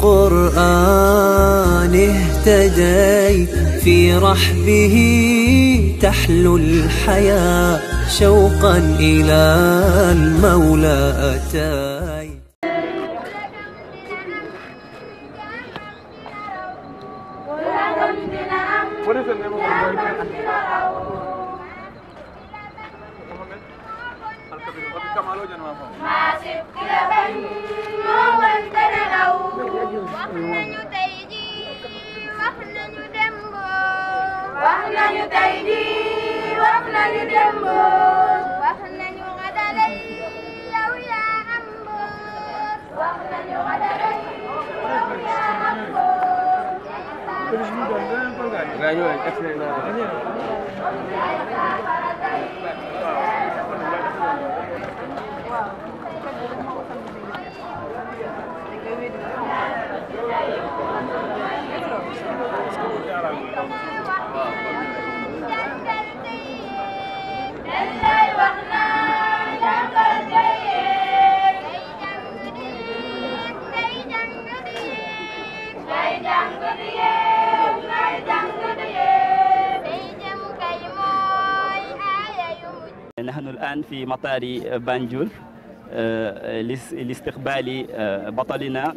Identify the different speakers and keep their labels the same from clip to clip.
Speaker 1: القرآن اهتدي في رحبه تحلو الحياة شوقا إلى المولى أتاي
Speaker 2: نحن الآن في مطار آه، بانجول آه، لاستقبال آه، بطلنا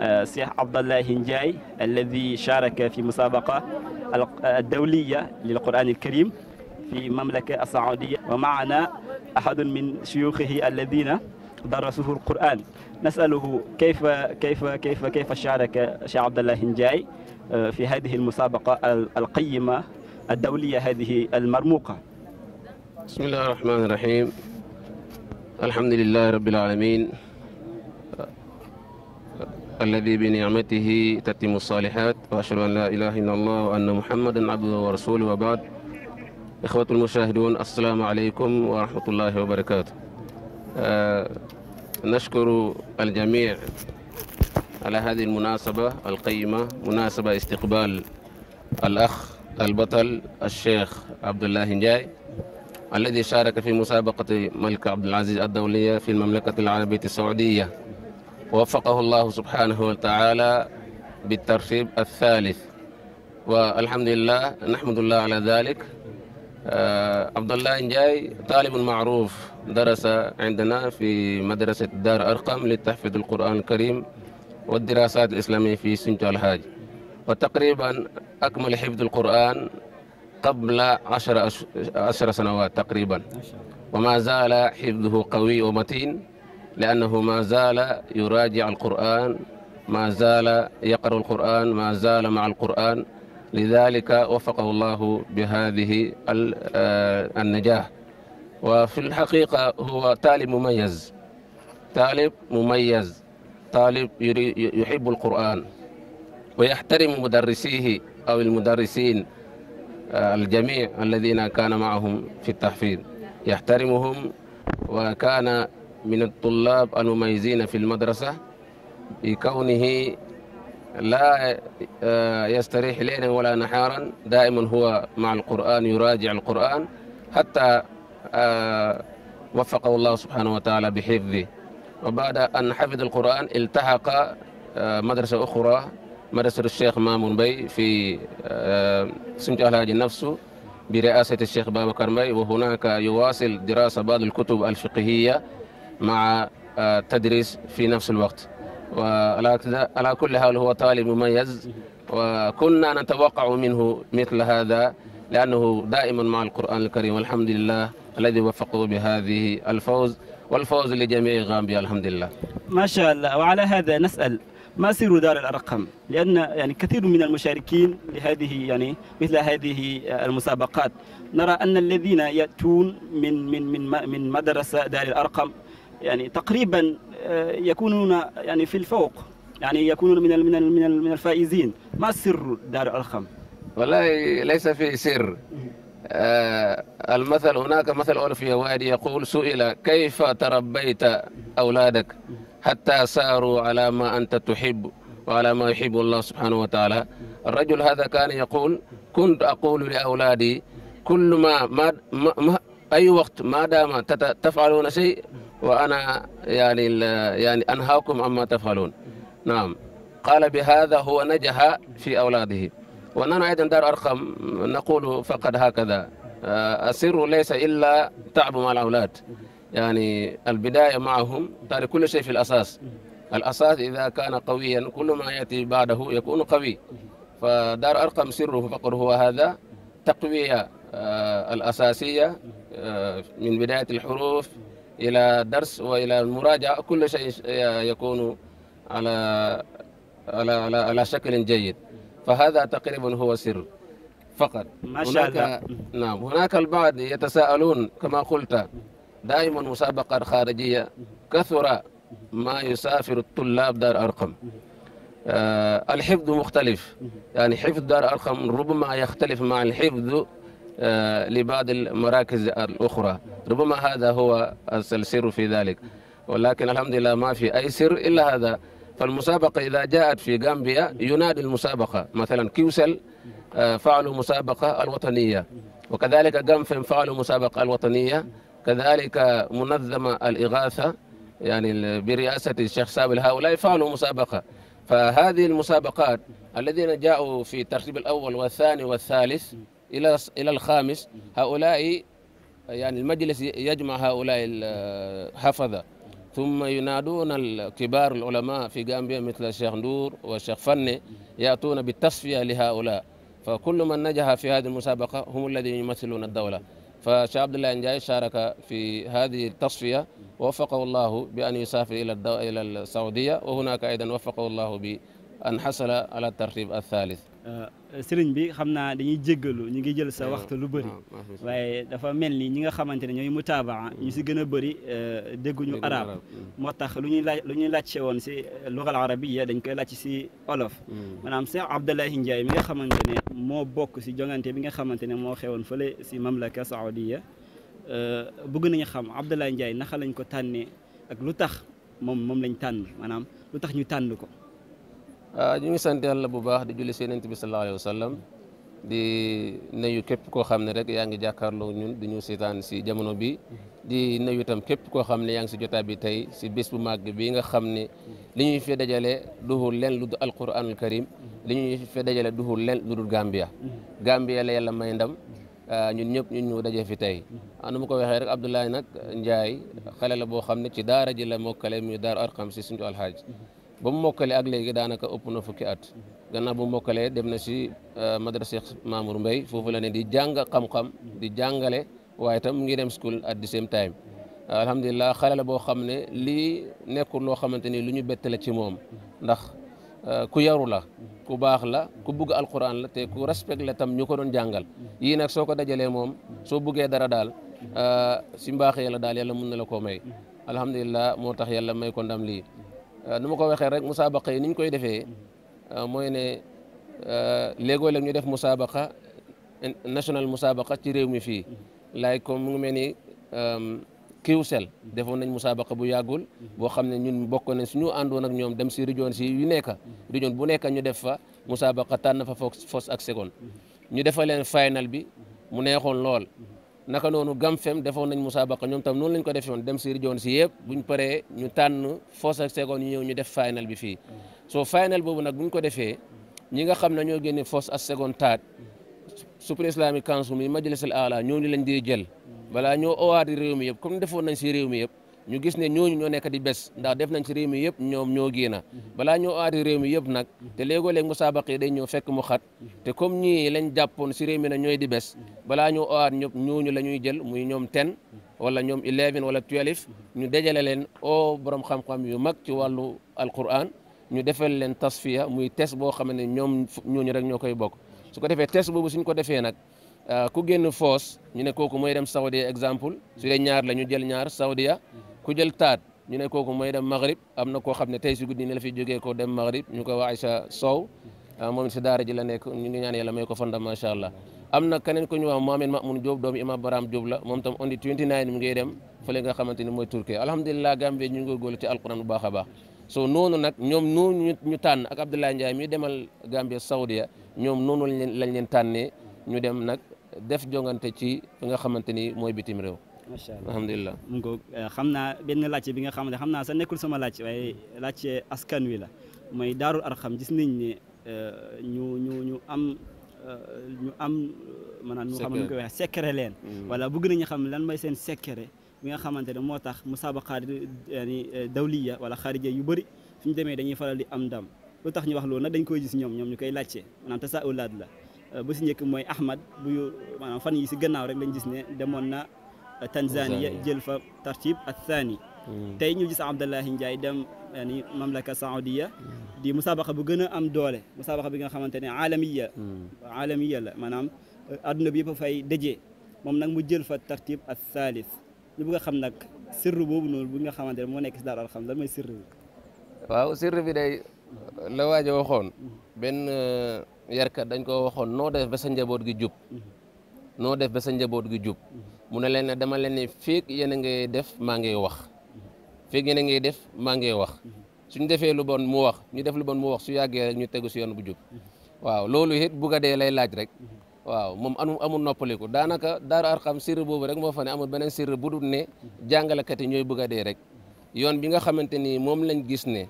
Speaker 2: الشيخ عبد الله هنجاي الذي شارك في مسابقة الدولية للقرآن الكريم في المملكة السعودية ومعنا أحد من شيوخه الذين درسوه القرآن نسأله كيف كيف كيف كيف شارك الشيخ عبد الله هنجاي في هذه المسابقة القيمة الدولية
Speaker 3: هذه المرموقة بسم الله الرحمن الرحيم الحمد لله رب العالمين الذي بنعمته تتم الصالحات وأشهد أن لا إله إلا الله وأن محمدا عبده ورسوله وبعد إخوة المشاهدون السلام عليكم ورحمة الله وبركاته آه نشكر الجميع على هذه المناسبة القيمة مناسبة استقبال الأخ البطل الشيخ عبد الله نجاي الذي شارك في مسابقة ملك عبد العزيز الدولية في المملكة العربية السعودية ووفقه الله سبحانه وتعالى بالترتيب الثالث والحمد لله نحمد الله على ذلك آه، عبد الله نجاي طالب معروف درس عندنا في مدرسة دار أرقم للتحفيظ القرآن الكريم والدراسات الإسلامية في سنتو الهاج وتقريبا أكمل حفظ القرآن قبل عشر, عشر سنوات تقريبا وما زال حفظه قوي ومتين لأنه ما زال يراجع القرآن ما زال يقرأ القرآن ما زال مع القرآن لذلك وفقه الله بهذه آه، النجاح وفي الحقيقة هو طالب مميز طالب مميز طالب يحب القرآن ويحترم مدرسيه أو المدرسين آه، الجميع الذين كان معهم في التحفيظ يحترمهم وكان من الطلاب المميزين في المدرسة بكونه لا آه، يستريح ليلا ولا نهارا دائما هو مع القرآن يراجع القرآن حتى آه، وفقه الله سبحانه وتعالى بحفظه وبعد أن حفظ القرآن التحق مدرسة أخرى مدرسة الشيخ مامون بي في آه، سمت الهاج نفسه برئاسة الشيخ بابكر كرمي وهناك يواصل دراسة بعض الكتب الفقهية مع التدريس آه، في نفس الوقت وعلى كل حال هو طالب مميز وكنا نتوقع منه مثل هذا لأنه دائما مع القرآن الكريم والحمد لله الذي وفقه بهذه الفوز والفوز لجميع غامبيا الحمد لله
Speaker 2: ما شاء الله وعلى هذا نسأل ما سر دار الأرقام لأن يعني كثير من المشاركين لهذه يعني مثل هذه المسابقات نرى أن الذين يأتون من من من من مدرسة دار الأرقام يعني تقريبا آه، يكونون يعني في الفوق يعني يكونون من من من من الفائزين ما سر دار الأرقام
Speaker 3: والله ليس في سر آه المثل هناك مثل عرفي وادي يقول سئل كيف تربيت أولادك حتى ساروا على ما انت تحب وعلى ما يحب الله سبحانه وتعالى الرجل هذا كان يقول كنت اقول لاولادي كل ما ما, ما, ما اي وقت ما دام تفعلون شيء وانا يعني يعني انهاكم عما تفعلون نعم قال بهذا هو نجح في اولاده وأننا ايضا دار ارقم نقول فقد هكذا آه، السر ليس الا تعب مع الاولاد يعني البداية معهم ترى كل شيء في الأساس الأساس إذا كان قويا كل ما يأتي بعده يكون قوي فدار أرقم سره فقر هو هذا تقوية آه، الأساسية آه، من بداية الحروف إلى درس وإلى المراجعة كل شيء يكون على على على, على شكل جيد فهذا تقريبا هو سر فقط ما شاء الله نعم هناك البعض يتساءلون كما قلت دائما مسابقة خارجية كثر ما يسافر الطلاب دار أرقم آه الحفظ مختلف يعني حفظ دار أرقم ربما يختلف مع الحفظ آه لبعض المراكز الأخرى ربما هذا هو السر في ذلك ولكن الحمد لله ما في أي سر إلا هذا فالمسابقة إذا جاءت في غامبيا ينادي المسابقة مثلا كيوسل آه، فعلوا مسابقة الوطنية وكذلك غامفن فعلوا مسابقة الوطنية كذلك منظمة الإغاثة يعني برئاسة الشيخ سابل هؤلاء فعلوا مسابقة فهذه المسابقات الذين جاءوا في الترتيب الأول والثاني والثالث إلى إلى الخامس هؤلاء يعني المجلس يجمع هؤلاء الحفظة ثم ينادون الكبار العلماء في غامبيا مثل الشيخ ندور والشيخ فني يأتون بالتصفية لهؤلاء فكل من نجح في هذه المسابقة هم الذين يمثلون الدولة فشيخ عبد الله انجاي شارك في هذه التصفيه ووفقه الله بان يسافر الى الى السعوديه وهناك ايضا وفقه الله بان حصل على الترتيب الثالث Euh,
Speaker 2: sëriñ bi xam naa dañuy jéggalu ñu ngi jël sa waxtu lu bëri waaye dafa mel ni ñi nga xamante ne ñooy mutaabaa ñu si gën a bëri euh, dégguñu arab hmm. moo tax lu ñuy laaj lu ñuy laajte woon si euh, lugal arabiya dañ koy laaj si olof hmm. maanaam Cheikh Abdoulaye Ndiaye mi nga xamante ne moo bokk si jongante bi nga xamante ne moo xewoon fële si mamlaka saoudiya bëgg nañu xam Abdoulaye Ndiaye naka lañ ko tànnee
Speaker 3: ak lu tax moom moom lañ tànn maanaam lu tax ñu tànn ko Ah, ñu ngi sant yàlla bu baax di julli seen bi sallallahu alayhi wa sallam di nayu képp koo xam ne rek yaa ngi jàkkaarloo ñun di ñu seetaan si jamono bi di nuyu itam képp koo xam ne yaa ngi si jotaa bi tey si bés bu màgg bi nga xam ne li ñuy fi dajale duhul leen lu dul alquranul karim li ñuy fi dajale duhul leen lu dul Gambia Gambia la yàlla may ndam ah, ñun ñëpp ñu ñu dajee fi tey anu ah, ma ko waxee rek Abdoulaye nag Ndiaye xale la boo xam ne ci daara ji la mokkale muy daar arkam si suñu alxaaj ba mu mokkalee ak léegi daanaka ëpp na fukki at gannaaw bu mokkalee dem na si euh, madrasa Cheikh Mamour Mbaye foofu la ne di jàng xam-xam di jàngale waaye itam mu ngi dem school at the same time alhamdulilah boo xam ne lii nekkul loo xamante ni lu ñu bett la ci moom ndax euh, ku yaru la ku baax la ku bugg alquran la te ku respect la tam ñu ko doon jàngal yii nag soo ko dajalee moom soo buggee dara daal euh, si mbaax yàlla daal yàlla mun na la koo may alhamdulilah moo tax yàlla may ko ndam lii Euh, nu ma ko waxee rek musaabaqa yi ni ñu koy defee euh, mooy ne euh, léegoo-léeg ñu def musaabaqa national musaabaqa ci réew mi fii lay kom mu ngi mel ni sel defoon nañ musaabaqa bu yàggul boo xam ne ñun bokk nañ suñu àndoon ak ñoom dem si région si yu nekk région bu nekk ñu def fa musaabaqa tànn fa fos ak seconde ñu defa leen bi mu neexoon lool naka noonu gam GAMFEM defoon nañ musaabaqa ñoom tam noonu lañ ko defee woon dem si région si yëpp buñ paree ñu tànn foos ak seconde ñu ñëw ñu def final bi fii soo final boobu nag bu ñu ko defee ñi nga xam ne ñoo génne foos ak seconde taat super islamique council mi majlis al aala ñooñu lañ di jël balaa ñoo owaati réew mi yëpp comme defoon nañ si réew mi yëpp ñu gis ne ñooñu ñoo nekk di bés ndax def nañ ci réew mi yëpp ñoom ñoo génn balaa ñoo aati réew mi yëpp nag te léegoo-léeg musaabaqa yi day ñëw fekk mu xat te comme ñii lañ jàppoon si réew mi ne ñooy di bes balaa ñoo aat ñëpp ñooñu la ñuy jël muy ñoom ten wala ñoom eleven wala twelve ñu dajale leen o borom xam yu mag ci wàllu alquran ñu defal leen tasfiya muy test boo xam ne ñoom ñooñu rek ñoo koy bokk su ko defee test boobu suñ ko defee nag ah, ku génn foos ñu ne kooku mooy dem Saudia exemple su dee ñaar la ñu jël ñaar Saudia ku jël taat ñu ne koku moy dem maghrib amna ko koo tay ci guddi la fi jógee ko dem maghrib ñu ko wax Aïcha Sow ah, moom si daara ji la nek ñu ngi ñaan yalla may ko ma sha allah amna kenen ko ñu wax mamin mamun job doomi imam Baram job la mom tam on 29 mu ngi dem fële nga xamanteni moy turke alhamdullilah gambe ñu ngi gol ci alquran bu baakha ba so nonu nak ñom nonu ñu tan ak abdullah Ndiaye mi demal gambe saoudia ñom nonu lañ leen tanne ñu dem nak def jongante ci nga xamanteni moy bitim rew macha allah alhamdulilah mu ngoog eh, xam naa benn laajte bi nga
Speaker 2: xamante xam naa nekkul sama laajte waaye laajte askan wi la mooy daarul arxam gis nañ ne eh, ñu ñu ñu am eh, ñu am maanaam ñu xam nu koy waxee secret leen wala mm. bëgg nañu xam lan mooy seen secret bi nga xamante ne moo tax musaabaqa yani dawliya wala xaarija yu bëri suñu demee dañuy faral di am dam lu tax ñu wax loolu nag dañ koy gis ñoom ñoom ñu koy laajte maanaam tasaulaad la ba si njëkk mooy Ahmad bu maanaam fan yi si gannaaw rek lañ gis ne demoon na تنزانيا jël fa tartib الثاني tey ñu gis Abdallahi Ndiaye dem yani mamlaka saoudia di musabaqa bu gën a am doole musabaqa bi nga xamante ne alamiya alamiya la maanaam adduna bi yëpp fay dajee moom nag mu jël fa tartib al thalith ñu bëgg a xam nag sirru boobu noonu bi nga xamante ne moo
Speaker 3: nekk si daara alxam lan mooy sirru bi waaw sirru bi day la waajo waxoon benn yarkat dañ ko waxoon noo def ba sa njaboot gi jub noo def ba sa njaboot gi jub mu ne leen ne dama leen ne fik yéen def maa ngi wax feeg yéen a def maa ngi wax suñ defee lu bon mu wow, ñu def lu bon mu wax su yàggee rek ñu tegu si yoon bu jub waaw loolu it bu dee lay laaj rek waaw anu, amu rek fa ne amul beneen sirr bu dul ne jàngalekat yi ñooy bëgg a rek yoon bi nga xamante ni gis ne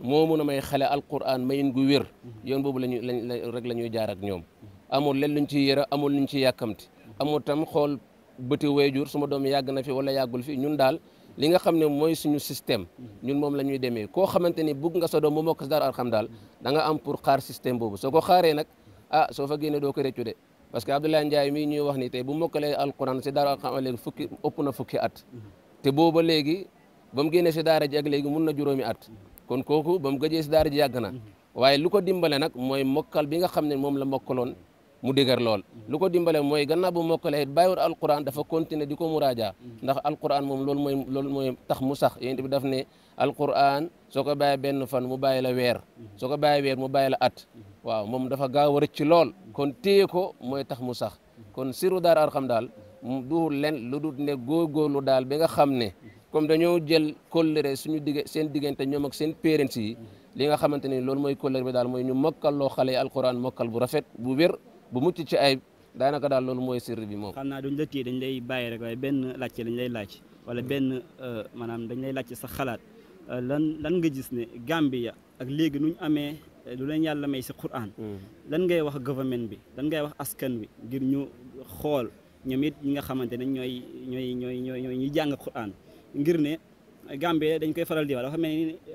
Speaker 3: moo mun a may xale alquran mayin gu yon yoon bulen lañu rek la jaar ak ñoom amul leen luñ ci yëra amul luñ ci tam khol bëti wayjur suma doom yàgg na fi wala yàggul fi ñun daal li nga xam ne mooy suñu système ñun moom la ñuy demee koo xamante ni bëgg nga sa doom mu mokk si alxam daal danga am pour xaar système boobu soo ko xaaree nag ah soo fa génne doo ko réccu de parce que Abdoulaye Ndiaye mi ñuy wax ni tey bu mokkalee alquran si daara a léegi fukki ëpp na fukki at te booba léegi ba mu génnee si daara ji ak léegi mun na juróomi at kon kooku ba mu gëjee si daara ji yàgg na waaye lu ko dimbale nag mooy mokkal bi nga xam ne moom la mokkaloon mu dëgër lool lu ko dimbale mooy gannaaw bu mokkale it bàyyiwul alquran dafa continuer di ko muraaja ndax alquran moom lool mooy loolu mooy tax mu sax yéen bi daf ne alquran soo ko bàyyi benn fan mu bàyyi la weer soo ko bàyyi weer mu bàyyi la at waaw moom dafa gaaw a rëcc lool kon téye ko mooy tax mu sax kon siru daar xam daal du len lu dul ne góorgóorlu daal bi nga xam ne comme dañoo jël kóllëre suñu digg seen diggante ñoom ak seen parents yi li nga xamante ni loolu mooy kóllëre bi daal mooy ñu mokkal loo xale yi mokkal bu rafet bu wér bu mucc ci ayib daanaka daal loolu mooy sirri bi moom. xam
Speaker 2: naa duñ la téye dañ lay bàyyi rek waaye benn laajte lañ lay laaj wala hmm. benn euh, maanaam dañ lay laajte sa xalaat euh, lan lan nga gis ne ya ak léegi nuñ amee euh, lu leen yàlla may si Quran. Hmm. lan ngay wax gouvernement bi lan ngay wax askan wi ngir ñu xool ñoom it ñi nga xamante ne ñooy ñooy ñooy ñooy ñuy jàng Quran ngir ne. Gambie dañ koy faral di wax dafa mel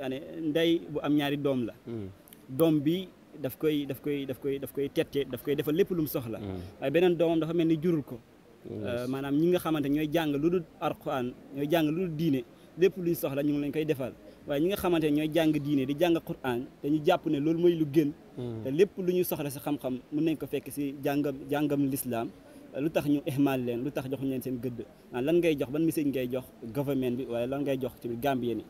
Speaker 2: ni ndey bu am ñaari doom la hmm. doom bi daf koy daf koy daf koy daf koy tette daf koy defal lépp lu mu soxla mm. waaye beneen doomam dafa mel ni jurul ko
Speaker 4: mm, euh, maanaam
Speaker 2: ñi nga xamante ñooy jàng lu dul alquran ñooy jàng lu dul diine lépp lu luñ soxla ñu ngi lañ koy defal waaye ñi nga xamante ne ñooy jàng diine di jàng quran dañu jàpp ne loolu mooy lu gën mm. te lépp lu ñu soxla si xam-xam mën nañ ko fekk si jàngam jàngam lislaam lu tax ñu ihmal leen lu tax joxuñ leen seen gëdd lan ngay jox ban message ngay jox gouvernement bi waaye lan jox ci Gambien
Speaker 3: yi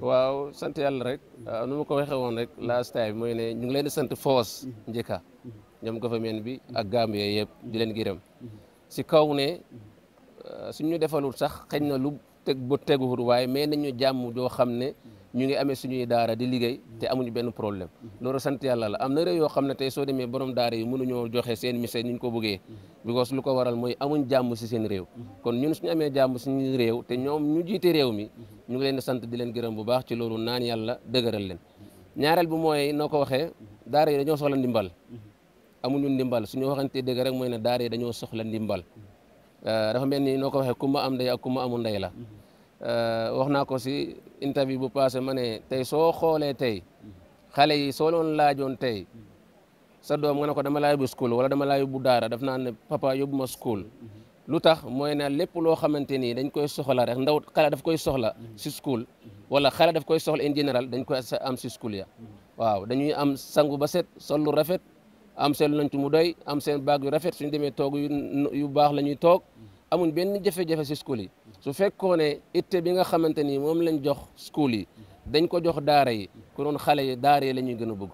Speaker 3: waaw sant yàlla rek nu ma ko waxee woon rek last time mooy ne ñu ngi leen di sant foos njëkka ñoom government bi ak Gambie yëpp di leen gërëm si kaw ne ah, su ñu defalul sax xëñ na lu teg tegu teguwul waaye mais nañu jàmm joo xam ne ñu ngi amee suñuy daara di liggéey te amuñ benn problème loolu sant yàlla la am na réew yoo xam ne tey soo demee borom daara yi mënuñoo joxe seen message ni ñu ko bëggee because lu ko waral mooy amuñ jàmm si seen réew kon ñun suñu amee jàmm suñu réew te ñoom ñu jiite réew mi ñu ngi leen di sant di leen gërëm bu baax ci loolu naan yàlla dëgëral leen ñaareel bi mooy noo ko waxee daara yi dañoo soxla ndimbal amuñu ndimbal su suñu waxantee dëgg rek mooy na daara yi dañoo soxla ndimbal euh, dafa mel ni noo ko waxee ku ma am ndey ku ma amul ndey la Euh, wax naa ko si interview bu passé ma ne tey soo xoolee tey xale yi soo loon laajoon tey sa doom nga ne ko dama laa yóbbu school wala dama laa yóbbu daara daf naa ne papa yóbbu ma school lu tax mooy ne lépp loo xamante ni dañ koy soxla rek ndaw xale daf koy soxla si school wala xale daf koy soxla en général dañ koy am si school ya waaw dañuy am sangu ba set sol lu rafet am seen lantu mu doy am seen baag yu rafet suñu demee toog yu baax la ñuy toog amuñ benn jafe-jafe yi su fekkoon ne itte bi nga xamante ni moom lañ jox school yi dañ ko jox daara yi konoon xale yi daara yi la ñuy gën a bëgg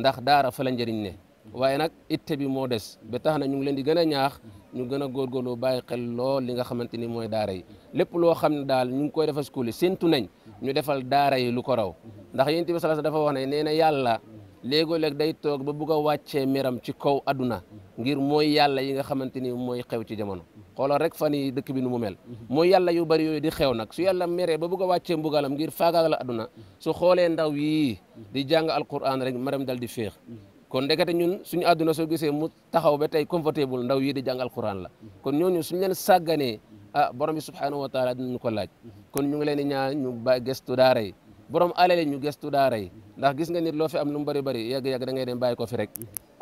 Speaker 3: ndax daara fa la njëriñ ne waaye nag itte bi moo des ba tax na ñu ngi leen di gën a ñaax ñu gën a góorgóorlu bàyyi xel lool li nga xamante ni mooy daara yi lépp loo xam ne daal ñu ngi koy defal school yi séntu nañ ñu defal daara yi lu ko raw ndax yonent bi sallallahu alayhi wax ne nee na yàlla léegoo-léeg day toog ba bugg a wàccee meram ci kaw adduna ngir mooy yàlla yi nga xamante ni mooy xew ci jamono xoolal rek fan yi dëkk bi nu mu mel mooy yàlla yu bari yooyu di xew nag su yàlla meree ba bugg a wàccee mbugalam ngir faagaagal adduna su xoolee ndaw yi di jàng alquran rek maram dal di féex kon ndekete ñun suñu adduna soo gisee mu taxaw ba tey confortable ndaw yii di jàng alquran la kon ñooñu suñu leen sàgganee ah borom bi subhanahu wa taala dinañu ko laaj kon ñu ngi leen di ñaan ñu ba gestu daara yi borom alal ñu gëstu daara yi ndax gis nga nit loo fi am lu mu bëri bëri yàgg-yàgg da ngay dem bàyyi ko fi rek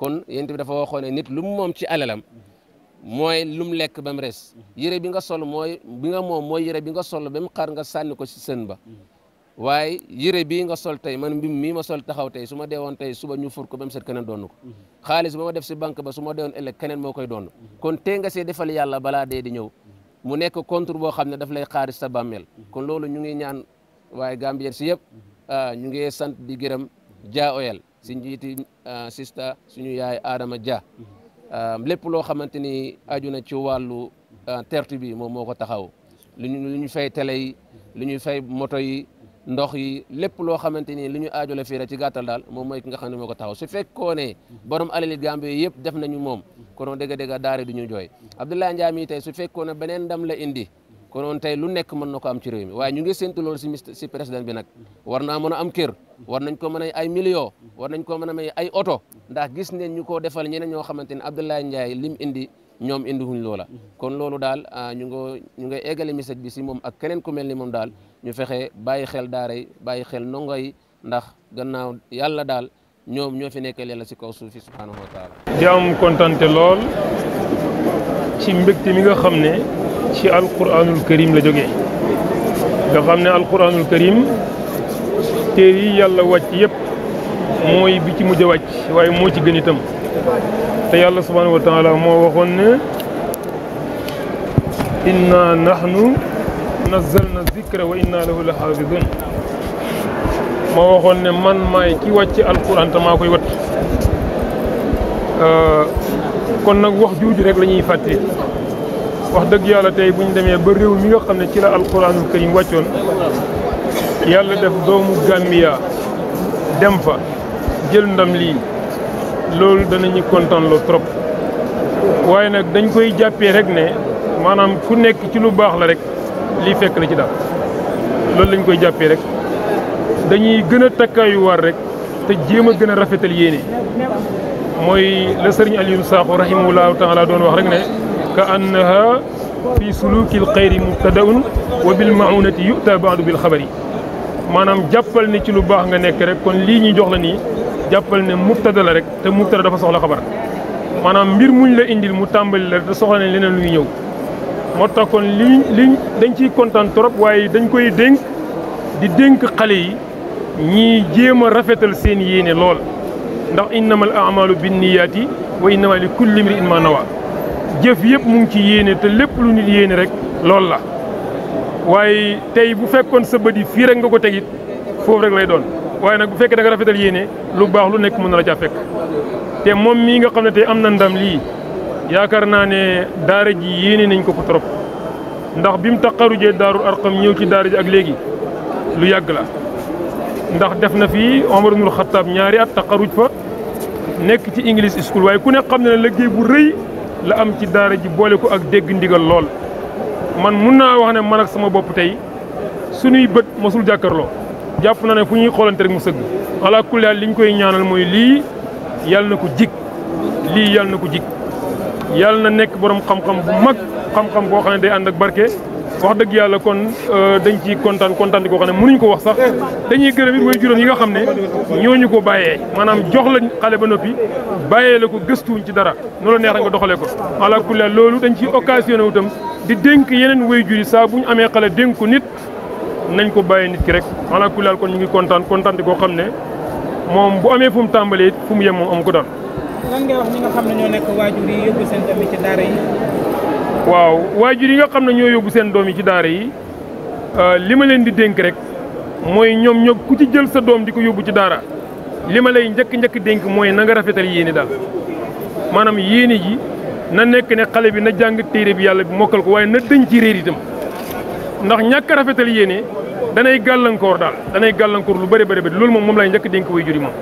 Speaker 3: kon yent bi dafa waxoon lu mu moom ci alalam mooy lum lekk ba mu res yére bi nga sol mooy bi nga moom mooy yére bi nga sol ba mu xar nga sànni ko si sën ba waaye yére bii nga sol tey man mbim mii ma sol taxaw tey su ma deewoon tey suba ñu fur ko bam mu set keneen doon ko xaalis ba ma def si banque ba suma ma deewoon ëllëg keneen moo koy doon kon tee nga see defal yàlla balaa dee di ñëw mu nekk contre boo xam ne daf lay xaaris sa bàmmeel kon loolu waaye Gambien si yëpp mhm. ah, ñu ngi sant di gërëm Dia Oyel si njiiti ah, sista suñu yaay Adama Dia mhm. ah, lépp loo xamante ni aju na ci wàllu tertu bi moom moo ko taxaw lu ñu lu ñu fay télé mhm. lu ñu fay moto yi ndox yi lépp loo xamante ni lu ñu aajo la fii rek ci gàttal daal moom mooy ki nga xam ne moo ko taxaw si fekkoo ne borom alali Gambie yëpp def nañu moom kono dégg a daare du ñu jooy Abdoulaye Ndiaye mii tey su fekkoo ne beneen dam la indi konoon tey lu nekk mën na ko am ci réew mi waaye ñu ngi séntu loolu si si président bi nag war naa mën a am kër war nañ ko mën a ay millions war nañ ko mën a may ay oto ndax gis neen ñu ko defal ñeneen ñoo xamante ne Abdoulaye Ndiaye lim indi ñoom indi wuñ loola kon loolu daal ah, ñu ngo ñu ngay eggale message bi si moom ak keneen ku mel ni moom daal ñu fexe bàyyi xel daara yi bàyyi xel ndongo yi ndax gannaaw yàlla daal ñom ño fi nekkal yàlla ci kaw suuf fi subhanahu wa taala
Speaker 5: diam contenté lol ci mbégte mi nga xamné ci alquranul karim la jógee nga xamné ne alquranul karim téere yi yàlla wàcc yëpp moy bi ci mujj wàcc waye mo ci gën itam te yàlla subhanahu wa taala mo waxon ne inna nahnu nazzalna dhikra wa inna lahu lahafizun ma waxoon ne man maay ki wàcc alquran te maa koy wat euh, kon nag wax juuju rek lañuy ñuy fàtte wax dëgg yàlla tey bu demee ba réew mi nga xam ne ci la alquranul karim wàccoon yàlla def doomu Gambia dem fa jël ndam lii loolu danañu kontaan loo trop waaye nag dañ koy jàppee rek ne maanaam ku nekk ci lu baax la rek lii fekk la ci daal loolu lañ koy jàppee rek. dañuy gëna takkay war rek te jema gëna gën a rafetal yéene mooy la sëriñ Aliou Sakho rahimahullahu taala doon wax rek ne ka annaha fi suluukil xayri mubtadaun wa bil maunati yuta ba'du bil khabari manam jàppal ni ci lu bax nga nek rek kon li ñi jox la ni jàppal ne mubtada la rek te mubtada dafa soxla xabar manam mbir muñ la indil mu tambal la te soxla ne leneen luy ñëw mo tax kon li liñ dañ ci kontaan trop waye dañ koy dénk di dénk xale yi ñiy jéem a rafetal seen yéene lool ndax innamal amalu binniyaati wa innama li kulli imri'in na wa jëf yëpp mu ngi ci yéene te lépp lu nit yéene rek lool la waaye tey bu fekkoon sa bët yi fii rek nga ko tegit foofu rek lay doon waaye nag bu fekkee da nga rafetal yéene lu baax lu nekk mën na la caa fekk te moom mii nga xam ne tey am na ndam lii yaakaar naa ne daara ji yéene nañ ko ko trop ndax bi mu taqarujee daarul arqam ñëw ci daara ji ak léegi lu yàgg la ndax def na fii fi Omar ibnul Xattaab ñaari at taqaruj fa nekk ci English school waaye ku ne xam na ne liggéey bu rëy la am ci daara ji boole ko ak dégg ndigal lool. man mun naa wax ne man ak sama bopp tey suñuy bët mosul jàkkarloo jàpp na ne fu ñuy xoolante rek mu sëgg ala kulli li ñu koy ñaanal mooy lii yàlla na ko jig lii yàlla na ko jig yàlla na nekk borom xam-xam bu mag xam-xam boo xam ne day ànd ak barke. wax dëgg yàlla kon euh, dañ ci kontaan kontaan koo ko xam ne mënuñ ko wax sax dañuy gërëm it way yi nga xam ne ñu ko bàyyee maanaam jox lañ xale ba noppi bàyyee la ko gëstuwuñ ci dara noonu la neex rek nga doxalee ko ala kulli loolu dañ ci occasionné wu itam di dénk yeneen way jur yi saa bu ñu amee xale dénk ko nit nañ ko bàyyee nit ki rek ala kulli kon ñu ngi kontaan kontaan di ko xam ne moom bu amee fu mu tàmbalee it fu mu yem moom amu ko daal
Speaker 6: lan ngay wax ñi nga xam
Speaker 5: waaw waajur yi nga xam na ñoo yóbbu seen doom yi ci daara yi euh, li ma leen di dénk rek mooy ñoom ñoo ku ci jël sa doom di ko yóbbu ci daara li ma lay njëkk njëkk dénk mooy na nga rafetal yéene daal maanaam yéene ji na nekk ne xale bi na jàng téere bi yàlla bi mokkal ko waaye na dëñ ci réer itam ndax ñàkk rafetal yéene danay gàllankoor daal danay gàllankoor lu bëri bëri bëri loolu moom moom lay njëkk dénk waajur yi moom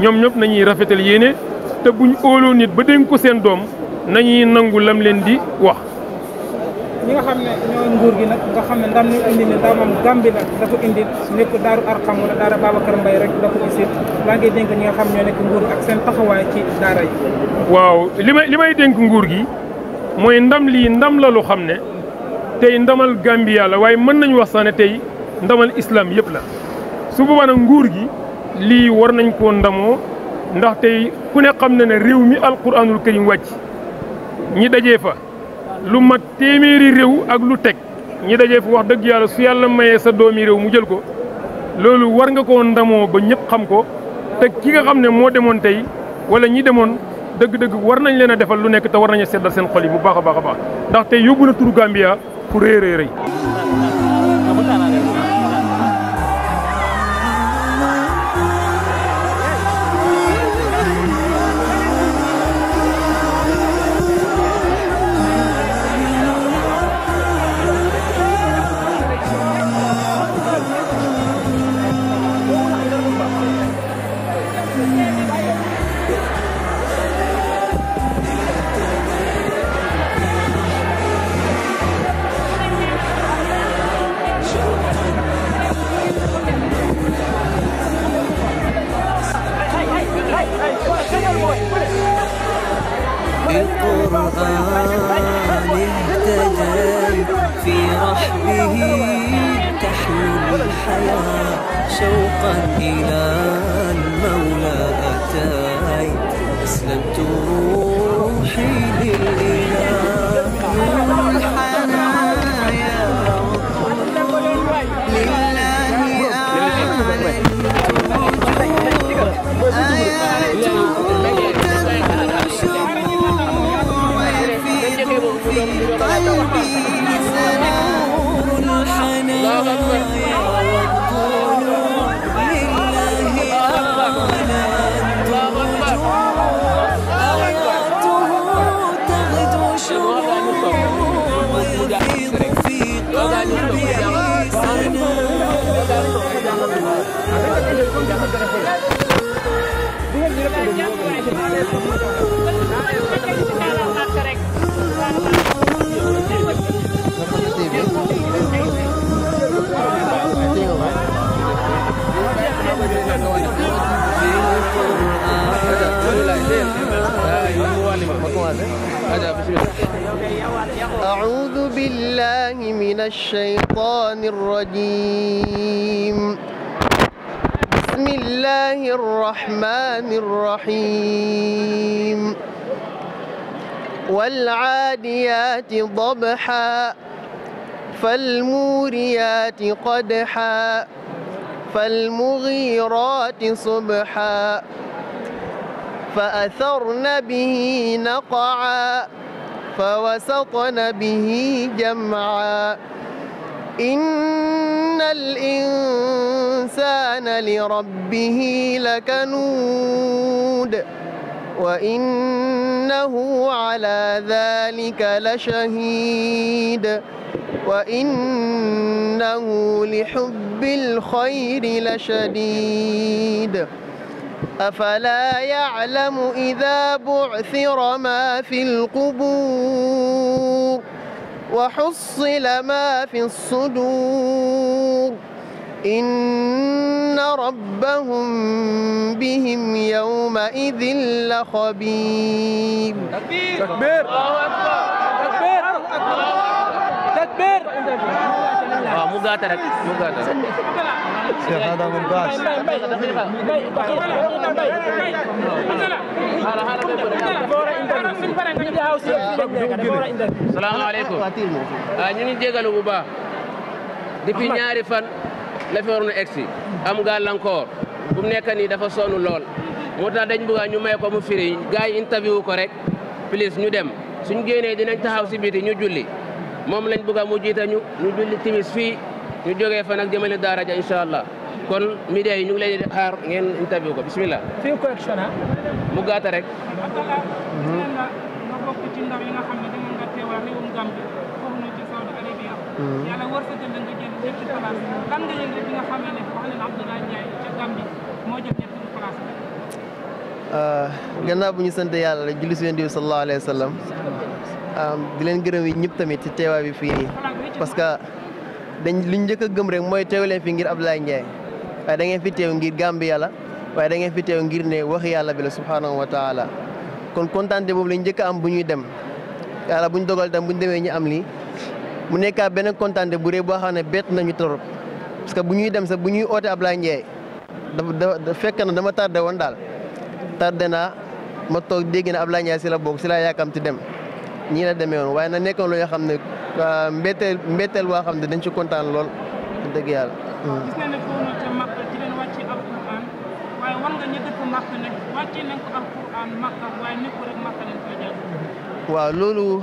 Speaker 5: ñoom ñëpp nañuy rafetal yéene te buñ óoloo nit ba dénk seen doom nañuy nangu lam leen di wax
Speaker 6: ñi nga xam ne ñooy nguur gi nag nga xam ne ndam ñu indi ne ndamam Gàmbi nag dafa indi nekk daaru Arxam wala daara Babacar Mbaye rek dafa indi laa ngi dénk ñi nga xam ñoo nekk nguur gi ak seen taxawaay ci daara yi.
Speaker 5: waaw li may li may dénk nguur gi mooy ndam lii ndam la lu xam ne tey ndamal Gàmbi yàlla waaye mën nañu wax sax ne tey ndamal islaam yëpp la su boobaa nag nguur gi lii war nañ koo ndamoo ndax tey ku ne xam na ne réew mi alquranul karim wàcc ñi dajee fa. lu mat téeméeri réew ak lu teg ñi dajee fu wax dëgg yàlla su yàlla mayee sa doomi réew mu jël ko loolu war nga koo ndamoo ba ñëpp xam ko teg ki nga xam ne moo demoon tey wala ñi demoon dëgg-dëgg war nañ leen a defal lu nekk te war nañu seddal seen xoli yi bu baax a baax baax ndax tey yóbbu na turu Gambia fu rëy rëy rëy
Speaker 7: أعوذ بالله من الشيطان الرجيم بسم الله الرحمن الرحيم والعاديات ضبحا فالموريات قدحا فالمغيرات صبحا فأثرن به نقعا فوسطن به جمعا إن الإنسان لربه لكنود وإنه على ذلك لشهيد وإنه لحب الخير لشديد أفلا يعلم إذا بعثر ما في القبور وحصل ما في الصدور إن ربهم بهم يومئذ لخبير تكبير تكبير الله أكبر تكبير تكبير
Speaker 8: مقاتلة مقاتلة
Speaker 1: شيخ هذا من باش
Speaker 8: السلام عليكم ñu ngi jégalu bu baax depuis ñaari fan la fi waroon a
Speaker 3: egsi am bu mu dafa sonn lool moo tax dañ bëgg ñu may ko mu firi gars interview ko rek please ñu dem suñ génnee dinañ taxaw si biti ñu julli moom lañ bëgg a mu jiite ñu ñu julli timis fii ñu jógee fa nag jëmale daara ja allah kon media yi ñu ngi leen di xaar ngeen interview ko bisimilah. Ah? mu gàtta rek.
Speaker 6: Abdallah. Mhm. Mhm.
Speaker 7: Ah, bu ñu sant yàlla la si Yonent bi sallallahu alayhi wa di len gërëm yi ñëpp tamit ci téwa bi fi nii parce que dañ luñu jëk gëm rek moy teew fi ngir Abdoulaye Ndiaye way da ngeen fi téw ngir Gambia la way da ngeen fi téw ngir ne wax Yalla bi la subhanahu wa taala kon contenté bobu lañ jëk am bu ñuy dem Yalla bu dogal tam bu ñu ñu am li mu nekkaa benen contenté bu rëy bo xamné ne nañu torop parce que bu ñuy dem sa bu ñuy oote Abdoulaye Ndiaye da fekk na dama tardé won dal tardé na ma tok dégg na Abdoulaye Ndiaye si la bokk si laa dem ñii la demee woon waaye na nekkoon lu nga xam ne euh, mbetteel mbetteel boo xam ne dañ ci kontaan lool dëgg yàlla. Hmm. waaw loolu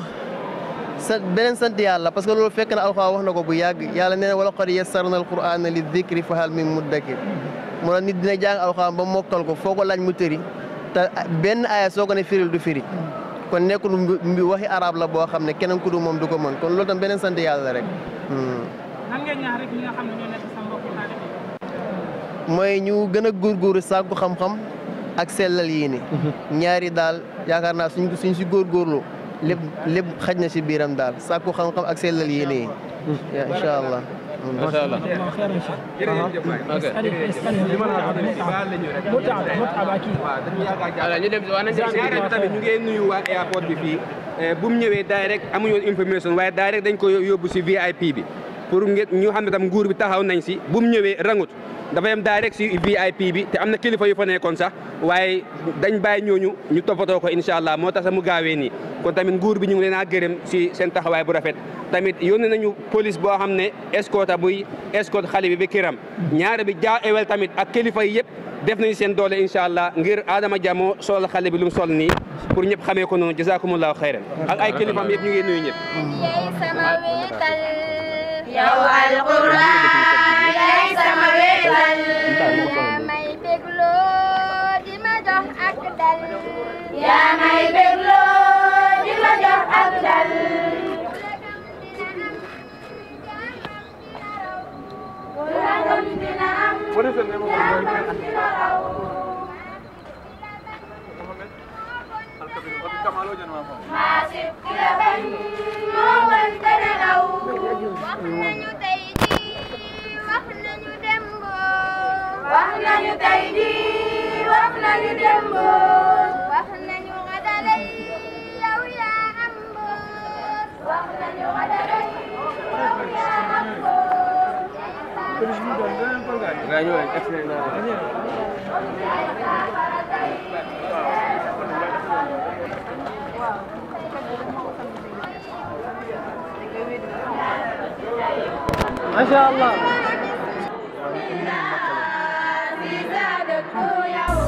Speaker 7: sa beneen sant yàlla parce que loolu fekk na wax na ko bu yàgg yàlla nee na wala qad yassarna alquran li dhikri fa hal min muddakir mu ne nit dina jàng alquran ba mokkal ko foo laaj mu tëri benn aaya soo ko ne firil du firi. kon nekkul mbi waxi araab la boo xam ne keneen ku du moom du ko mën kon loolu tam beneen sant yàlla rek. Hmm. mooy ñu gën a góorgóorlu sàkku xam-xam ak sellal yii mhm. ñaari daal yaakaar naa suñ suñ si góor lépp lépp xaj na si biiram daal sàkku xam-xam ak sellal yii nii. Mhm. incha allah. macha allah ok.
Speaker 6: ñu ngi nuyu waa airport bi fii eh, bu mu ñëwee direct amuñu woon information waaye direct dañ ko yóbbu si VIP bi pour ñu xam ne tam nguur bi taxaw nañ si bu mu ñëwee rangut dafa yem direct si VIP bi te am na kilifa yu fa nekkoon sax waaye dañ bàyyi ñooñu ñu toppatoo ko incha allah moo tax sax mu gaawee nii kon tamit nguur bi ñu ngi leen a gërëm si seen taxawaay bu rafet tamit yónnee nañu police boo xam ne escorte buy escorte xale bi ba kiram ñaare bi jaa ewel tamit ak kilifa yi yëpp def nañu seen doole incha allah ngir Adama Jammeh sol xale bi lu mu sol nii pour ñëpp xamee ko noonu jazakumullahu xayran ak ay kilifaam yëpp ñu ngi nuyu ñëpp yow
Speaker 9: yaa may bégloo di ma jox ak dal
Speaker 4: yaa may bégloo di ma jox ak dal kulagam dina
Speaker 1: am kulagam dina am
Speaker 5: maa si kula bañ moo mën
Speaker 1: dana law wax nañu tey wax nañu tey ji wax nañu démb wax nañu xadalay yow yaa am boos wax nañu xadalay
Speaker 8: yow yaa am boos ما شاء الله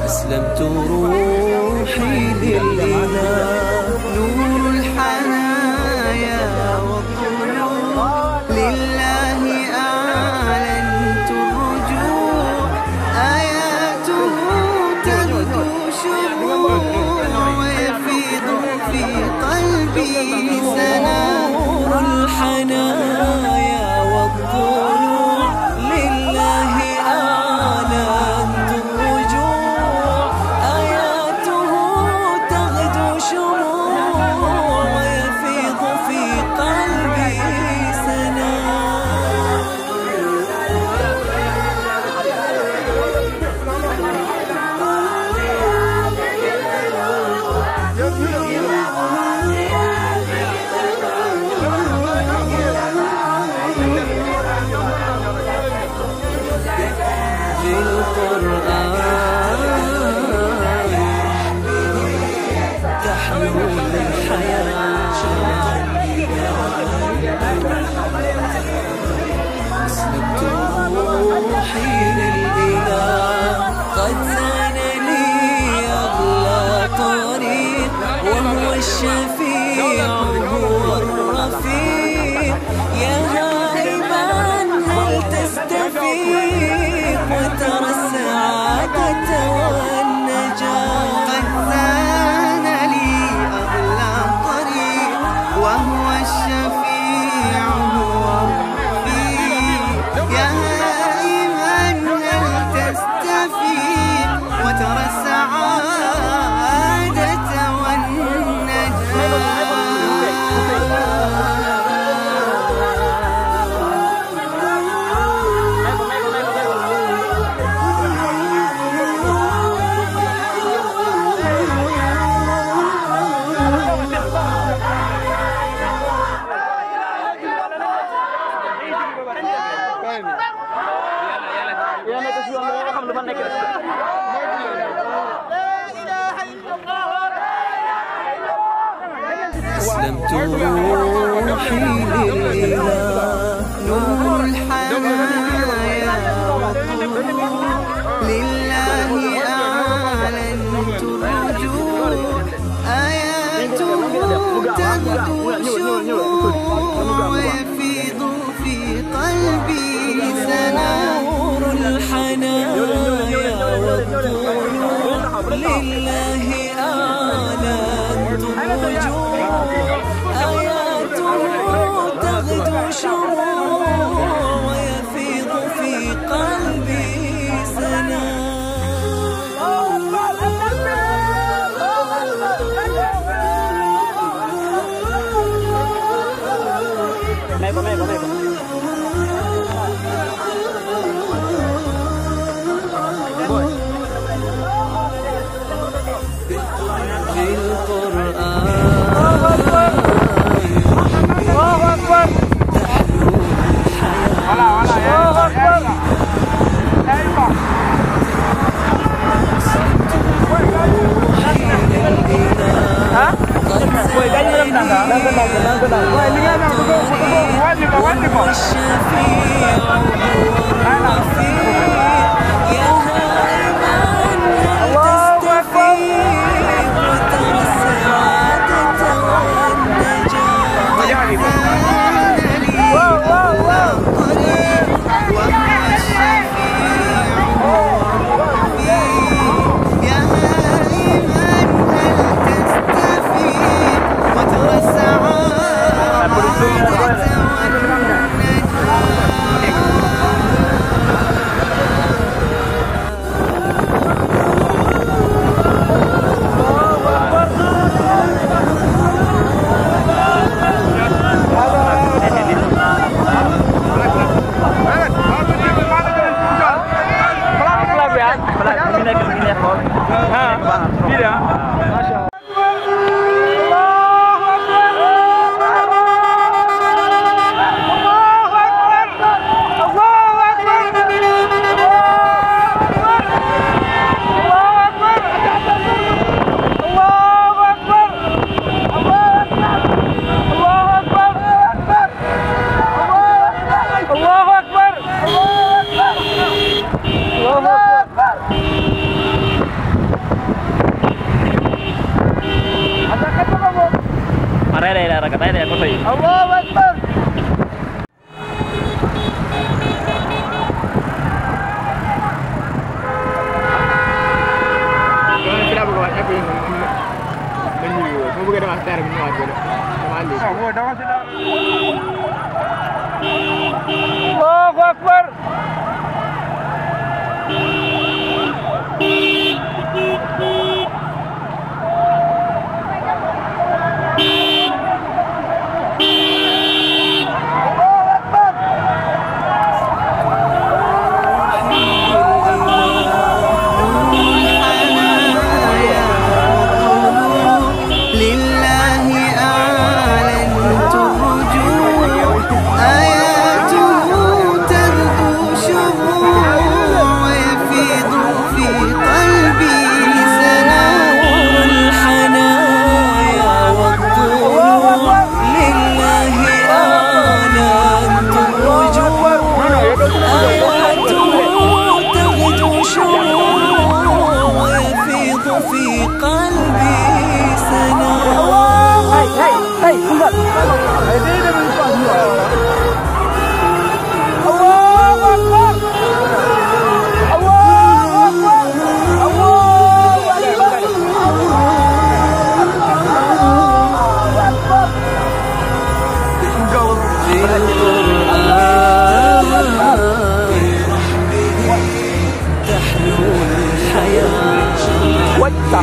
Speaker 8: أسلمت روحي
Speaker 1: للإله
Speaker 4: نور الحنايا والطلوع لله
Speaker 1: أعلنت الرجوع آياته تغدو شهور ويفيض في قلبي سلام
Speaker 4: اسلمت روحي لله Boy, dali mo lang tanga. Lang ko lang, lang ko lang. Boy, lingan na, tugo,
Speaker 1: tugo. Wadi pa, wadi pa. Ana.
Speaker 4: पर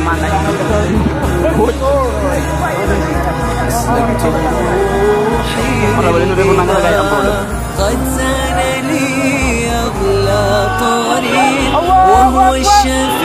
Speaker 6: معنا
Speaker 1: هود أسلمت
Speaker 4: مرة بلينو بيقول معنا لغاية أبروله
Speaker 1: قد زال لي أغلى طريق وهو الشفيع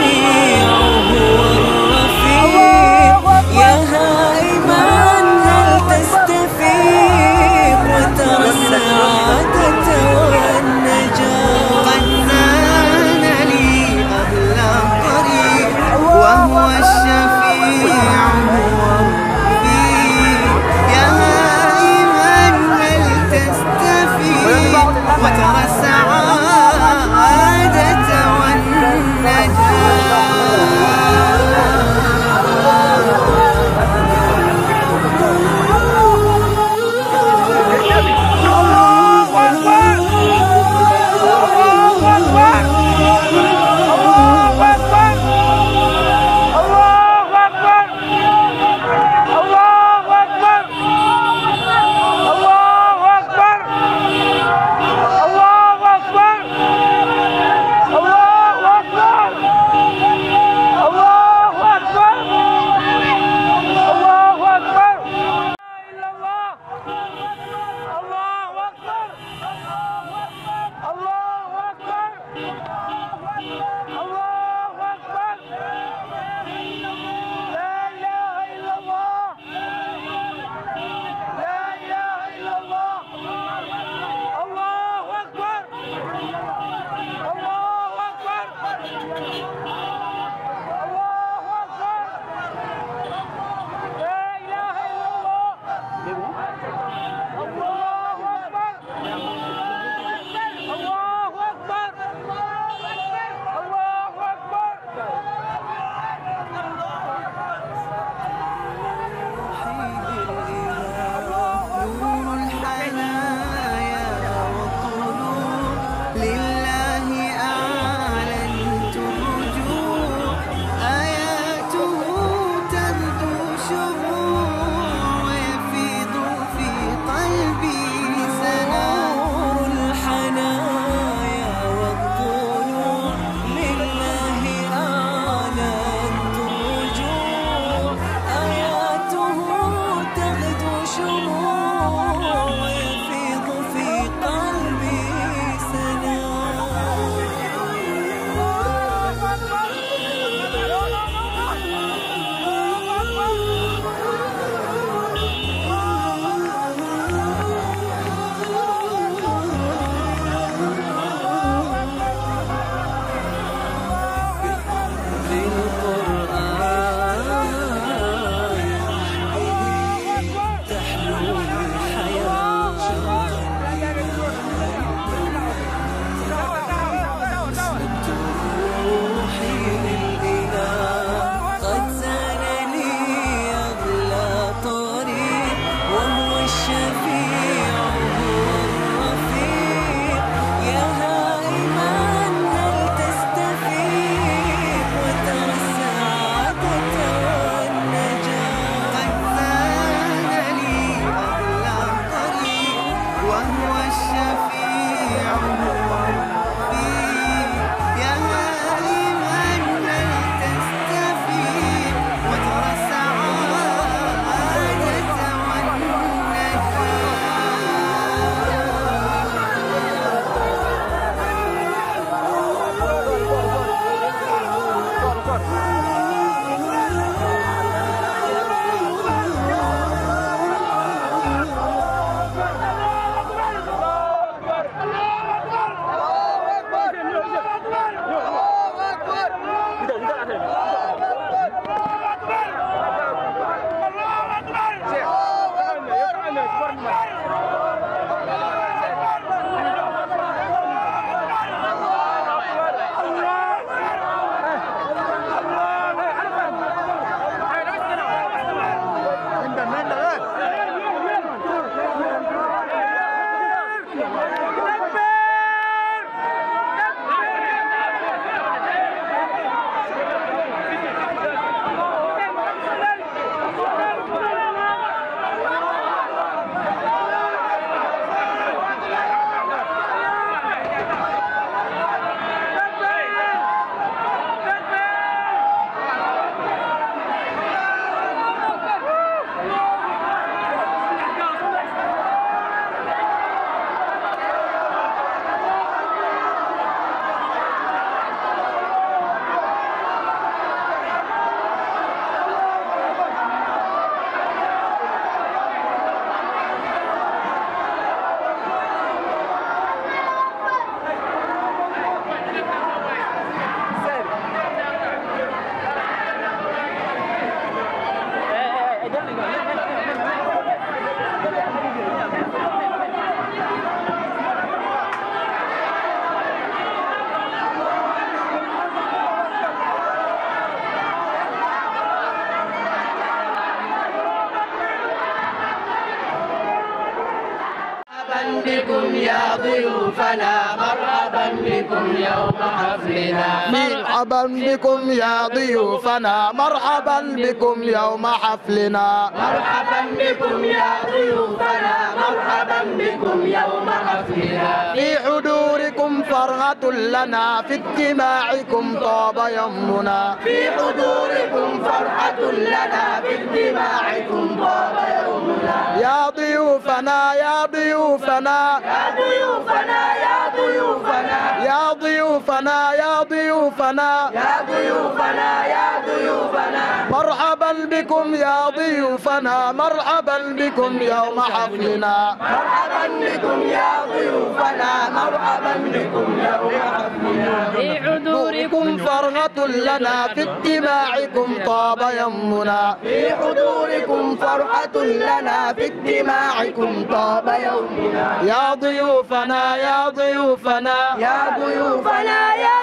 Speaker 8: يوم حفلنا
Speaker 9: مرحبا بكم يا ضيوفنا مرحبا بكم يوم حفلنا
Speaker 1: مرحبا بكم يا ضيوفنا مرحبا بكم
Speaker 9: يوم حفلنا في حضوركم فرحة لنا في اجتماعكم طاب يومنا في حضوركم فرحة لنا في
Speaker 1: اجتماعكم طاب
Speaker 9: يومنا يا ضيوفنا يا ضيوفنا يا ضيوفنا يا ضيوفنا يا ضيوفنا يا ضيوفنا يا ضيوفنا يا ضيوفنا مرحبا بكم يا ضيوفنا مرحبا بكم يوم حفلنا مرحبا بكم يا
Speaker 4: ضيوفنا مرحبا بكم يوم حفلنا
Speaker 9: بحضوركم فرحة لنا في اجتماعكم طاب يمنا في حضوركم فرحة لنا في اجتماعكم طاب يمنا يا ضيوفنا يا ضيوفنا يا ضيوفنا يا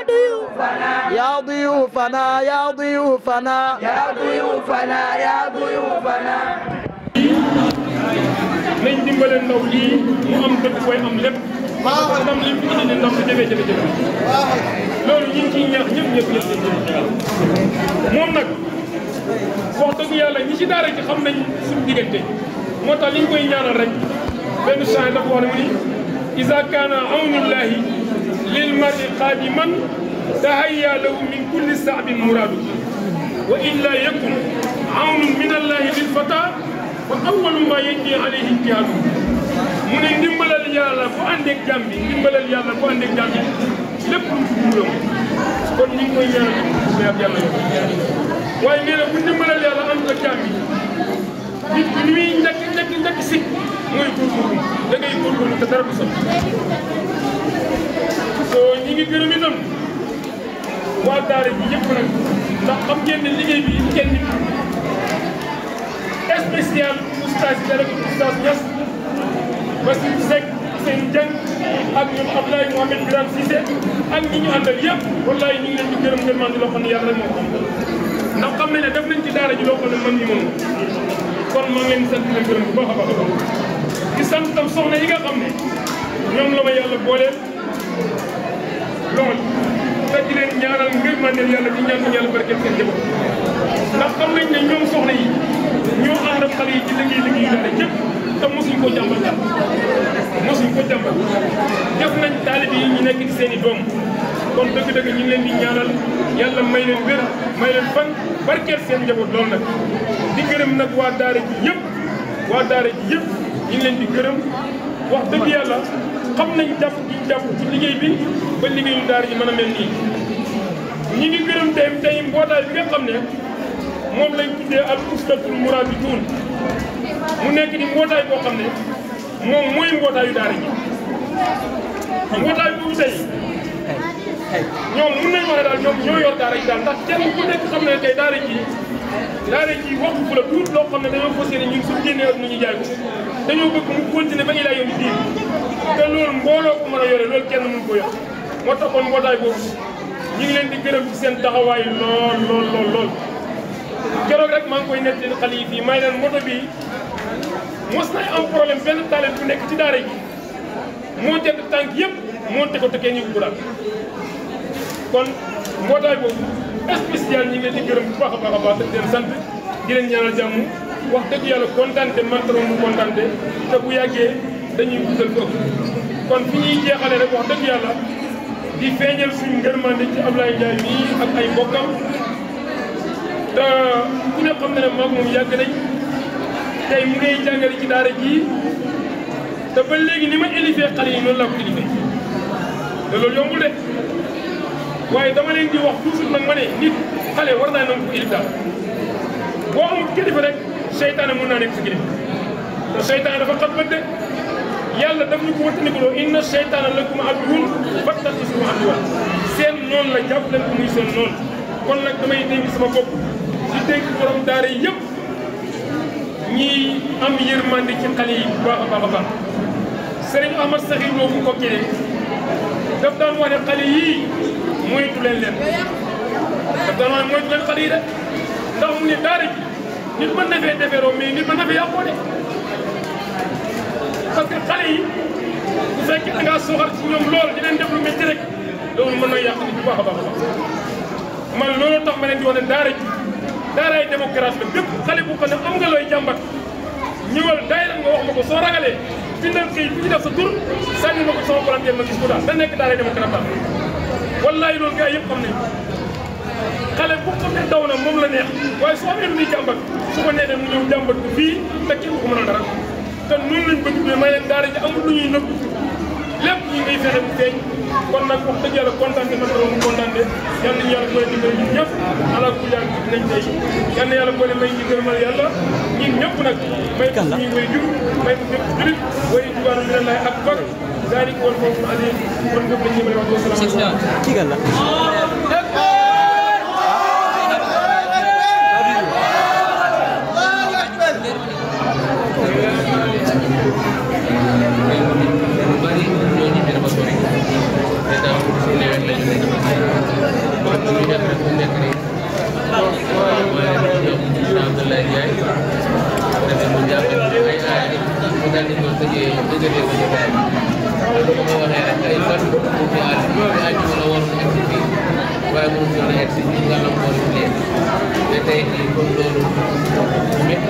Speaker 9: يا ضيوفنا يا ضيوفنا يا ضيوفنا يا
Speaker 4: ضيوفنا
Speaker 5: نين ديمبال لا كوني اذا كان عون الله للمرء قادما تهيا له من كل شعب مراده والا يكن عون من الله للفتى فاول ما يجي عليه الجهاد من ديمبال يالا فو اندك جامبي ديمبال يالا فو اندك جامبي لب بولم كون ني موي يالا يا يالا واي نينا بو ديمبال يالا اندك جامبي نيت كي نوي نك نك نك سي موي كورغو داغي كورغو تا دارو سو سو ني غي غيرمي نون waa daara ji yëpp nag ndax xam ngeen ne liggéey bi kenn spécial oustaz dara ko oustaz Niass Bassirou Seck seen jàng ak ñoom Abdoulaye Mohamed Biram Cissé ak ñi ñu àndal yëpp wallaay ñu ngi leen di gërëm ngërmande loo xam ne yàlla moo xam ndax def nañ ci daara ji loo xam ne man ñi moom kon maa ngi leen di sant leen gërëm bu baax a baax a baax di sant yi nga xam ne ñoom la ma yàlla booleel lool di leen ñaanal ngërmande yàlla di ñaan yàlla barkeel seen jëmm ndax xam nañ ne ñoom soxna yi ñoo ànd ak xale yi ci liggéey liggéey daara ñëpp te mosuñ ko jàmbal daal mosuñ ko jàmbal def nañ taalib yi ñu nekk ci seen i doom kon dëgg-dëgg ñu ngi leen di ñaanal yàlla may leen wér may leen fan barkeel seen njaboot lool nag di gërëm nag waa daara ji yëpp waa daara ji yëpp ñu leen di gërëm wax dëgg yàlla xam nañ jàpp gi jàpp ci liggéey bi ba liggéeyu daara ji mën a mel nii ñi ngi gërëm tey tey mbootaay bi nga xam ne moom lañ tuddee al ustatul murabituun
Speaker 4: mu nekk di mbootaay boo xam ne
Speaker 5: moo mooy mbootaayu daara ji mbootaay boobu tey ñoom mun nañu waxee daal ñoom ñoo yor daara ji daal ndax kenn ku nekk xam ne tey daara ji daara ji waxtu bu la tuut loo xam ne dañoo fas yéene ñun suñu génnee ak nu ñu jaay ko dañoo bëgg mu continuer ba ñu te loolu mbooloo ko mën a yore loolu kenn mënu ko yor moo taxoon mbootaay boobu ñu ngi leen di gërëm ci seen taxawaay lool lool lool lool keroog rek maa ngi koy nettali xale yi fii may leen moto bi mos nañ am problème benn taalen bu nekk ci daara yi moo tànk yëpp moo ko tegee ñu guddaat kon mbootaay boobu spécial ñi ngi leen di gërëm bu baax a baax a baax di leen sant di leen ñaanal jàmm wax dëgg yàlla kontante man trop mu kontante te bu yàggee dañuy guddal ko kon fi ñuy jeexalee rek wax dëgg yàlla di feeñal suñu ngërmande ci Ablaye Ndiaye mii ak ay mbokkam te ku xam ne ne maag moom yàgg nañ tey mu ngay jàngale ci daara ji te ba léegi ni ma élevé xale yi noonu laa ko élevé te loolu yombul de waaye dama leen di wax toujours nag ma ne nit xale war naa nangu ko élevé daal boo amul kilifa rek seytaane mën naa nekk sa kilifa te seytaane dafa xat bët de yàlla daf ñu ko wëttanikuloo inna seytaana lakum aduwwun fattaxisuuhu aduwwan seen noonu la jàpp leen ko muy seen noonu kon nag damay dégg sama bopp di dégg borom daara yëpp ñiy am yërmande ci xale yi bu baax a baax a baax sëriñ Ahmad Saxir boobu ko kee daf daan wax ne xale yii moytu leen leen daf daan wax ne moytu leen xale yi de ndax mu ne daara ji nit mën na fee deferoo mais nit mën na fee yàqoo de parce que xale yi bu fekkee da ngaa soxal ñoom loolu di leen def lu métti rek loolu mën na yàq nit bu baax a a baax man loolu tax ma leen di wax ne daara ji daaraay démocratie la xale bu ko ne nga looy jàmbat ñu def sa tur sànni ma ko sama volontaire ma gis ko daal da nekk daaraay démocratie daal wallaay loolu gars yëpp bu xam ne daw na moom la neex waaye soo nee mu ñëw jàmbat ko fii te kenn ku ko mën a te noonu lañ bëgg de may leen ji amul lu ñuy nëbb lépp ñu ngi fexe bu feeñ kon nag wax dëgg yàlla kontaan na trop mu kontaan de yal nañu yàlla boole dimbali ñun ñëpp ala kulli àll bi nañ tey yal na yàlla boole may ñu gërëmal yàlla ñun ñëpp nag. may ko ñuy way jur may ko ñëpp jurit way jugaanu mi lay ak bag daal di ko woon foofu Aliou kon ñëpp dañu ñëw wax wa salaam.
Speaker 8: li ñu def rek bu nekk nii mooy ñoom Moussa Abdoulaye Ndiaye tamit mu jàppale ñu ay aaya mu daal di ko tëjee dëggatee ko ci bàyyi bu ko waxee rek ay fan mu fi aaj ay aaj mu la waroon egg si fii waaye mu ngi doon egg si fii nga xam moo leen mais tey jii comme loolu métti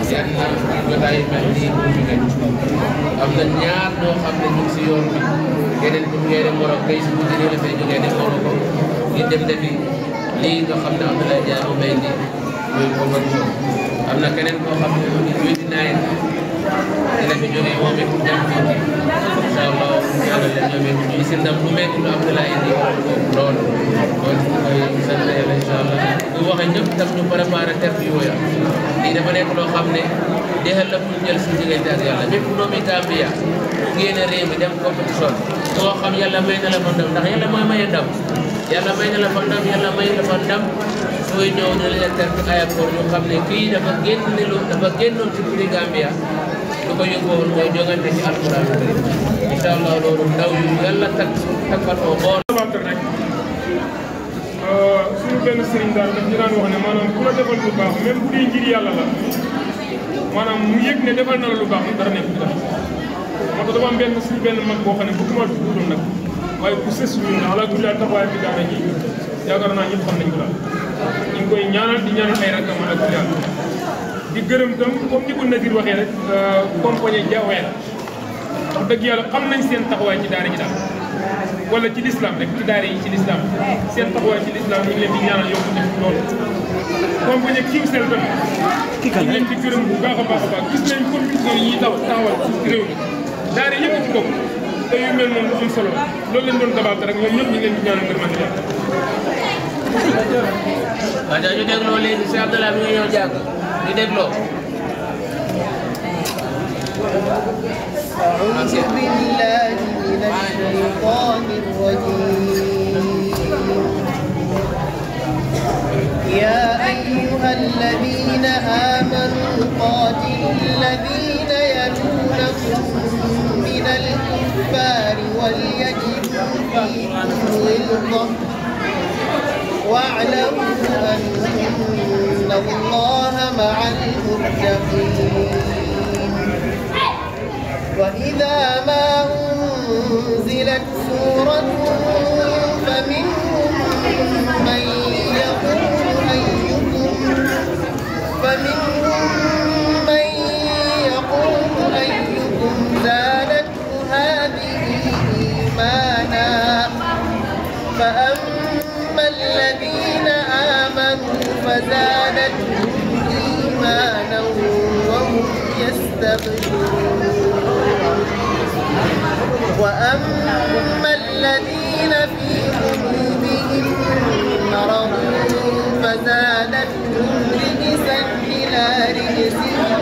Speaker 8: yan ak jotaayu mel nii bu ñu nekk am na ñaar ñoo xam ne ñu ngi si yoon bi keneen bu ngeen di moroom tey su bu ñu la fee jógee dem moroom ko ngir dem defi lii nga xam ne Abdoulaye Diallo Mbengue mooy na keneen dina fi jógee moom it dem fii incha allah yàlla leen ñoom it ñu si ndam lu métti lu am laa indi loolu kon ñu sant yàlla incha allah bu waxee ñëpp tam ñu préparé terme yooya lii dafa nekk loo xam ne deexal la pour jël suñu diggante ak yàlla bépp doomi Gambia génn réew mi dem compétition koo xam yàlla may na la fa ndam ndax yàlla mooy maye ndam yàlla may na la fa ndam yàlla may la fa ndam sooy ñëw dina xam ne kii dafa génn lu dafa génnoon ci biir Gambia ko yëngoon mooy jogante ci alxuraan karim incha allah loolu ndaw yu takk
Speaker 5: suñu benn sëriñ daal daf ñu daan wax ne maanaam ku la defal lu baax même bu dee ngir yàlla la maanaam mu yëg ne defal na lu baax moom dara nekk dara moo tax dama am suñu benn mag boo xam ne bëgguma tuddul nag waaye ku sës ñu ne ala kulli taxawaay bi daara ji yaakaar naa ñëpp xam nañ ko daal ñu koy ñaanal di ñaanal ay rakkam ala kulli di gërëm tam comme ni ko Nadir waxee Euh, compagnie Diawéne wax dëgg yàlla xam nañ seen taxawaay ci daara ji daal ci lislaam rek ci daara yi ci lislaam seen taxawaay ci lislaam ñu leen di ñaanal yokku loolu compagnie Kim Sel tam ñu leen di a a baax gis nañ condition yi daw taxawal ci réew mi te yu mel noonu lu am loolu lañ doon dabaata rek ñoom ñëpp ñu ngi leen di ñaanal gërëmante yàlla
Speaker 8: waaw dañu dégloo léegi si Abdoulaye bi ñu ñëw jàng ñu dégloo أعوذ
Speaker 7: بالله من الشيطان الرجيم
Speaker 8: يا أيها الذين
Speaker 7: آمنوا قاتلوا الذين يدونكم من الكفار وليجدوا فيكم غلظة واعلموا أن الله مع المتقين وإذا ما أنزلت سورة فمنهم من يقول أيكم فمنهم من يقول أيكم زادته هذه إيمانا فأما الذين آمنوا فزادتهم إيمانا وهم يستبشرون وأما الذين في قلوبهم مرض فزادتهم رجسا إلى رجسهم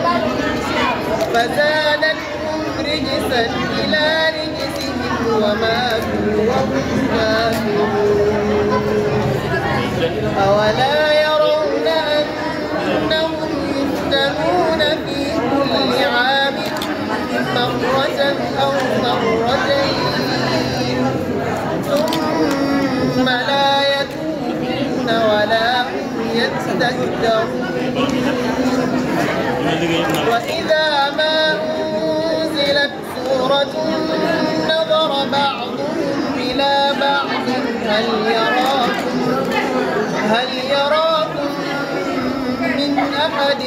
Speaker 7: فزادتهم رجسا إلى رجسهم وماتوا وهم كافرون
Speaker 4: أولا يرون أنهم يفتنون في كل عام مرة
Speaker 7: أو مرتين ثم لا يتوبون ولا هم يتذكرون وإذا ما أنزلت سورة نظر بعضهم إلى بعض هل يراكم هل يراكم من أحد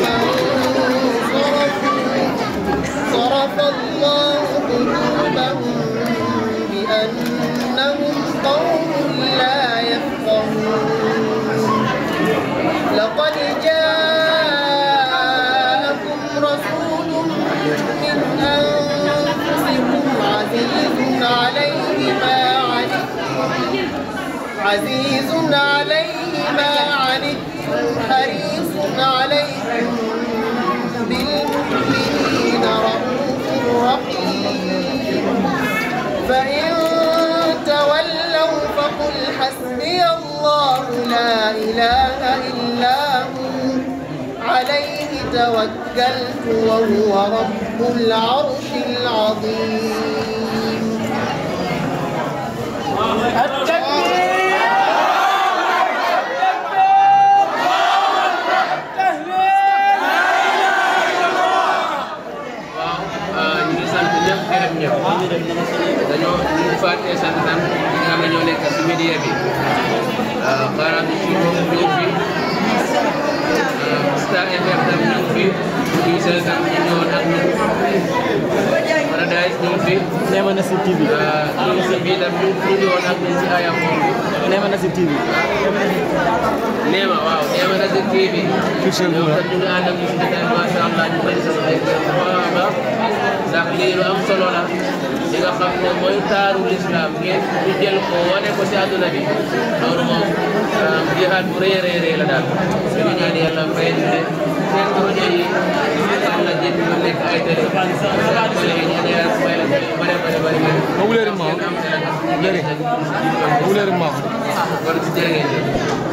Speaker 7: ثم عفى الله قلوبهم بأنهم قوم لا يفقهون لقد جاءكم رسول من أنفسكم عزيز عليه ما عنتم عزيز عليه ما عنتم حريص عليه فإن تولوا فقل حسبي الله لا إله إلا هو عليه توكلت وهو رب العرش العظيم التكبير
Speaker 8: Yeah. ñu faat et sant nañ ñi nga xam ne ñoo nekk si média bi xaaral ñu ngi fi Star FM tam ñu ngi fi ñu Sénégal ñu ñëwoon ak ñun Paradise ñu ngi fi. Nema Nasib TV. ñu si bii tam ñu ñu ñëwoon ak ñun si ayam moom bi. Nema Nasib TV. Nema waaw Nema Nasib TV. ñu ngi ànd ak ñu si détail macha allah ñu bëri sama ay ndax lii lu am solo la li nga xam ne mooy taaru lislaam ngeen ñu jël ko wane ko si àdduna bi loolu moom jihaad bu rëy rëy rëy la daal suñu ñaan yàlla may ñu ne seen projet yi yàlla jël ñu nekk ay télé télé yi ñu ne yàlla may la télé bare bare bare bare ba wuleeri ma
Speaker 4: ba wuleeri ma kon si jërë ngeen jëf